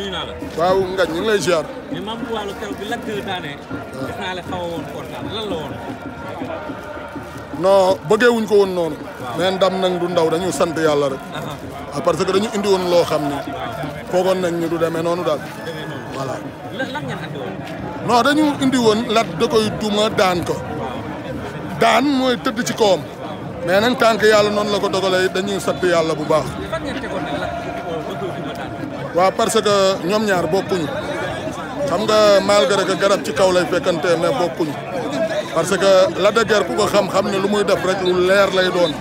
nuyu naa waaw Ngañ ñu ngi lay ah. la xaw a woon kontaan lan bëggee wuñ ko woon noonu. mais ndam nag du ndaw dañu sant yàlla rek. Ah, ah. parce que dañu indi woon loo xam ni. foogoon nañ ñu du deme noonu daal. no lan dañu indi woon lat da koy duma daan ko. daan mooy tëdd ci kawam. mais nag tànk yàlla noonu la ko dogalee dañuy sant yàlla bu baax. waaw parce que ñoom ñaar bokkuñu xam nga malgré que garab ci kaw lay fekkante mais bokkuñu parce que Lac de Guiers ku ko xam-xam ne lu muy def rek lu leer lay doon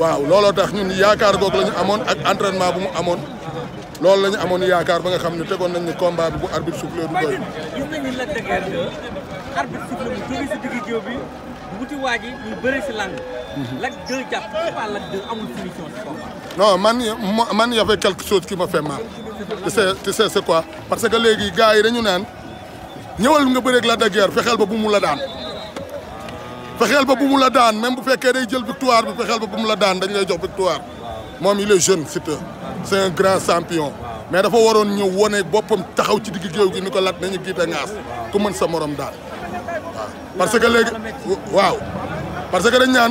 waaw looloo tax ñun yaakaar goog lañu amoon ak entraînement bu mu amoon loolu la ñu amoon yaakaar ba nga xam ne tegoon nañ ni combat bi bu arbitre soufflé du doy. gis wuti waa ji ñu bëri si làng. Mhm. non man y avait quelque chose qui m'a fait mal tu sais c'est quoi parce que Les gars yi Ils sont là pour régler la guerre Ils ba bu mu la daan Ils ba bu mu la même bu faire day victoire ba bu mu la daan dañ victoire il est jeune c'est un grand champion mais dafa faut ñëw wone boppam taxaw ci digg géew parce que gars. waaw parce que les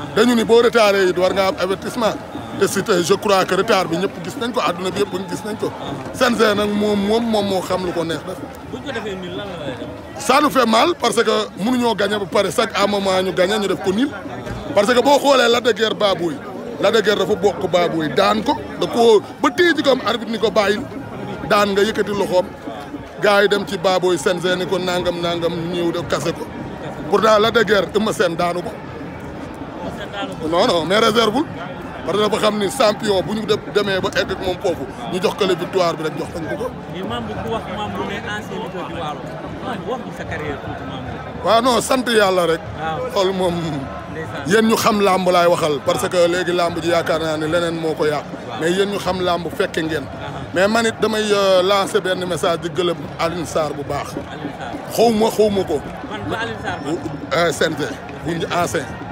dañu ni boo retardé it war nga am avertissement te si tey je crois que retard bi ñëpp gis nañ ko àdduna bi yëpp gis nañ ko. CNG nag moom moom moom moo xam lu ko neex def. bu ñu defee nii lan la lay mal parce que mënuñoo gagné bu pare chaque à moment ñu gagné ñu def ko nii parce que boo xoolee Lac de Guiers Baboy Lac de Guiers dafa bokk Baboy daan ko da koo ba téye ji ko am ni ko bàyyil daan nga yëkkati loxoom gars yi dem ci Baboy CNG ni ko nangam nangam ñëw def kase ko pourtant Lac de Guiers Eumeu Sène daanu ko. non non mais réserve parce que dafa xam ni champion bu ñu demee ba egg ak moom foofu ñu jox ko le victoire bi rek jox nañ ko ko. mais Mame Mboup ku wax Mame Mboup ne ancien lutteur du Waalo wax sa carrière tuuti Mame Mboup. waaw non sant yàlla rek. waaw loolu moom. yéen ñu xam làmb laay waxal parce que léegi làmb ji yaakaar naa ne leneen moo ko yàq. mais yéen ñu xam làmb fekke ngeen. mais man it damay lancer benn message di gëlëm Alioune Sarr bu baax. Alioune Sarr xaw ma xaw ma ko. man ba Alioune Sarr. bu CNG bu ancien.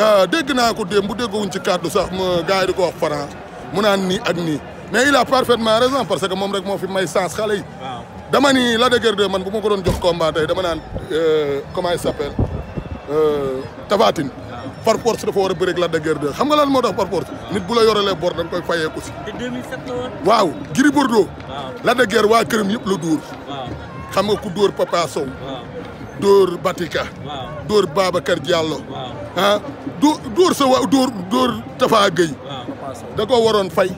Ah, dégg naa ko démb bu ci kàddu sax ma gars yi di ko wax Franc mu naan nii ak nii mais il a parfaitement raison parce que moom rek moo fi may sens xale yi. dama ni la de guerre 2 man bu ma ko doon jox combat tey dama naan euh, comment il s'appelle euh, Tapha tabatine. par force dafa war a bëre ak la de guerre 2 xam nga lan moo tax par force nit bu la yoralee bor da nga koy fayeeku si. te 2007 la woon. waaw Gris Bordeaux. waaw de guerre waa këram yëpp la dóor. xam nga ku dóor Papa Sow. dóor Batika. dóor Babacar Diallo. ah du dóor sa wa dóor dóor da koo waroon fay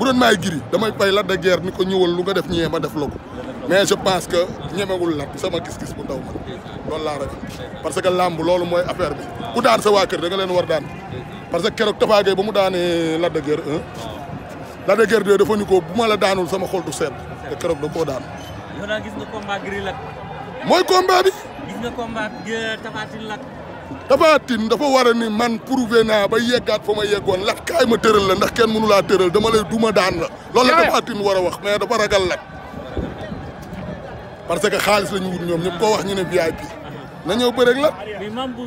bu doon maay giri damay fay Lac de ni ko ñëwal lu nga def ñee ma def la ko mais je pense que ñemewul Lac sama gis-gis bu ndaw man loolu laa ragal parce que lamb loolu mooy affaire bi ku daan sa waa kër da nga leen war daan parce que keroog Tafa Gueye ba mu daanee Lac de Guiers 1 Lac de ko bu ma la daanul sama xol du sedd te keroog da koo daan yow daal gis mooy combat bi Tapha Tine dafa war a ni man prouvé naa ba yeggaat fa ma yeggoon lat kaay ma tëral la ndax kenn mënulaa laa tëral dama lay duma daan la loolu la Tapha Tine war a wax mais dafa ragal lat parce que xaalis la ñu wut ñoom ñëpp koo wax ñu ne VIP na ñëw bëreeg la mais mam bu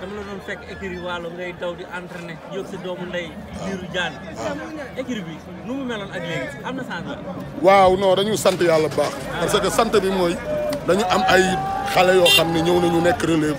la doon fekk écurie Waalo ngay daw di entraîné yóg sa doomu ndey liiru jaan bi nu mu meloon ak am na waaw noo dañu sant yàlla baax parce que sant bi mooy dañu am ay xale yoo xam ne ñëw nañu nekk relève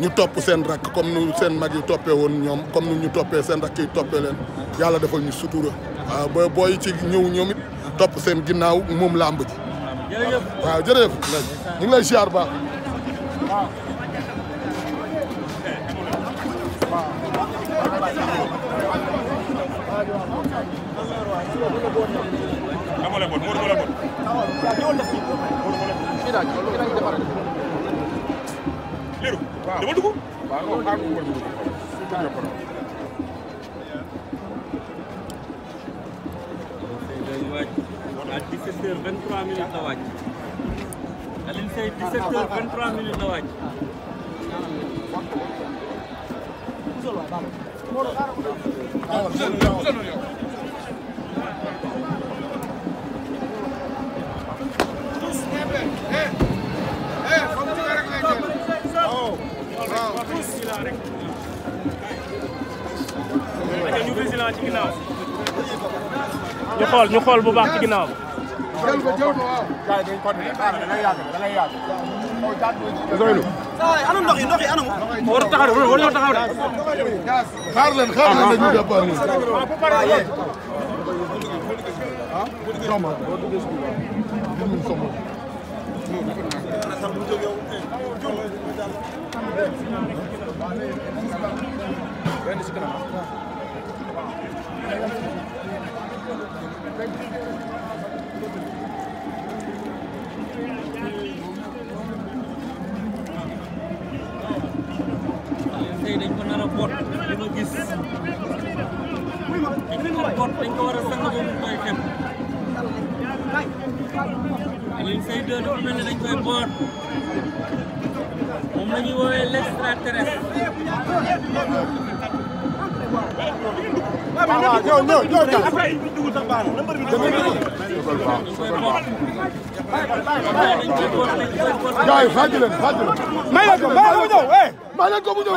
ñu topp seen rakk comme nu seen mag yi toppee woon ñoom comme nu ñu toppee seen rakk yi toppee yàlla defal ñu sutura waaw ba booy ci ñëw ñoom it topp seen ginnaaw moom làmb ji waaw jërëjëf ñu lay siyaar baax waaw dama dugg. waaw non xaaral ma dugg à 17h 23 minutes la wàcc. Alioune Seye 17h 23 minutes la ñu vigilant ci ginnaaw ñu xool ñu xool bu baax ci ginnaaw jël ko jël ko waaw gaay dañ ko dina xaar da lay yàgg da lay yàgg mo jàpp zoylu saay anu ndox yi ndox yi anu war taxaw war ñoo taxaw de xaar leen xaar leen ñu jàppal ni ah dama do dugg ci ñu somo tey dañ ko nar a bot li ma gis dañ ko war a bot dañ ko war a say deux dafa mel ne dañ koy boot moom la ñuy woowee l'extraterrestre waaw ñoo ñoo ñoo jàll. gars yi fàjj leen fàjj leen. may leen ko may leen ko mu ñëw eh. may leen ko mu ñëw.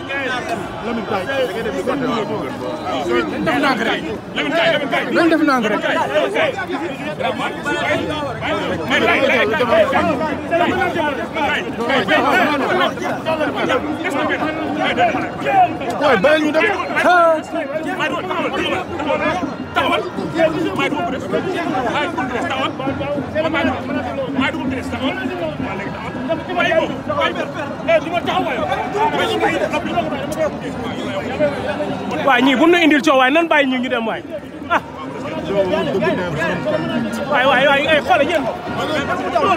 Lamine Kaye def ndànk rek waaye bàyyi ñu dem taxawal maay dugg bu des maay dugg bu des taxawal maay dugg maay dugg bu des taxawal maay dugg taxawal bàyyi ko bàyyi ko eh du ma taxawal waaye ñii bu indil coow nan bàyyi ñu ñu dem la waaw waaw waaw déglu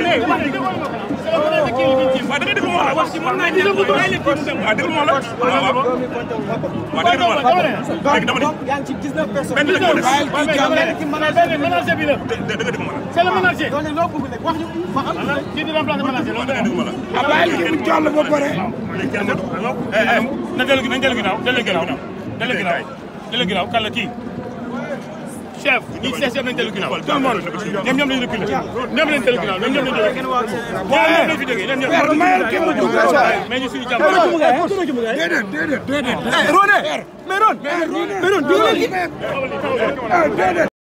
ma la léegi dama ni. yaa ngi ci 19 personnes. benn lañ ko def waaye na dellu ginnaaw dellu ginnaaw kan la kii chef ñi chef nañ dellu ginnaaw tout le monde ñoom ñoom lañu reculé ñoom lañu dellu ginnaaw ñoom ñoom lañu dellu ginnaaw ñoom lañu fi jógee ñoom ñoom mais ñu suñu jàmm déedéet déedéet déedéet Roné mais Roné mais Roné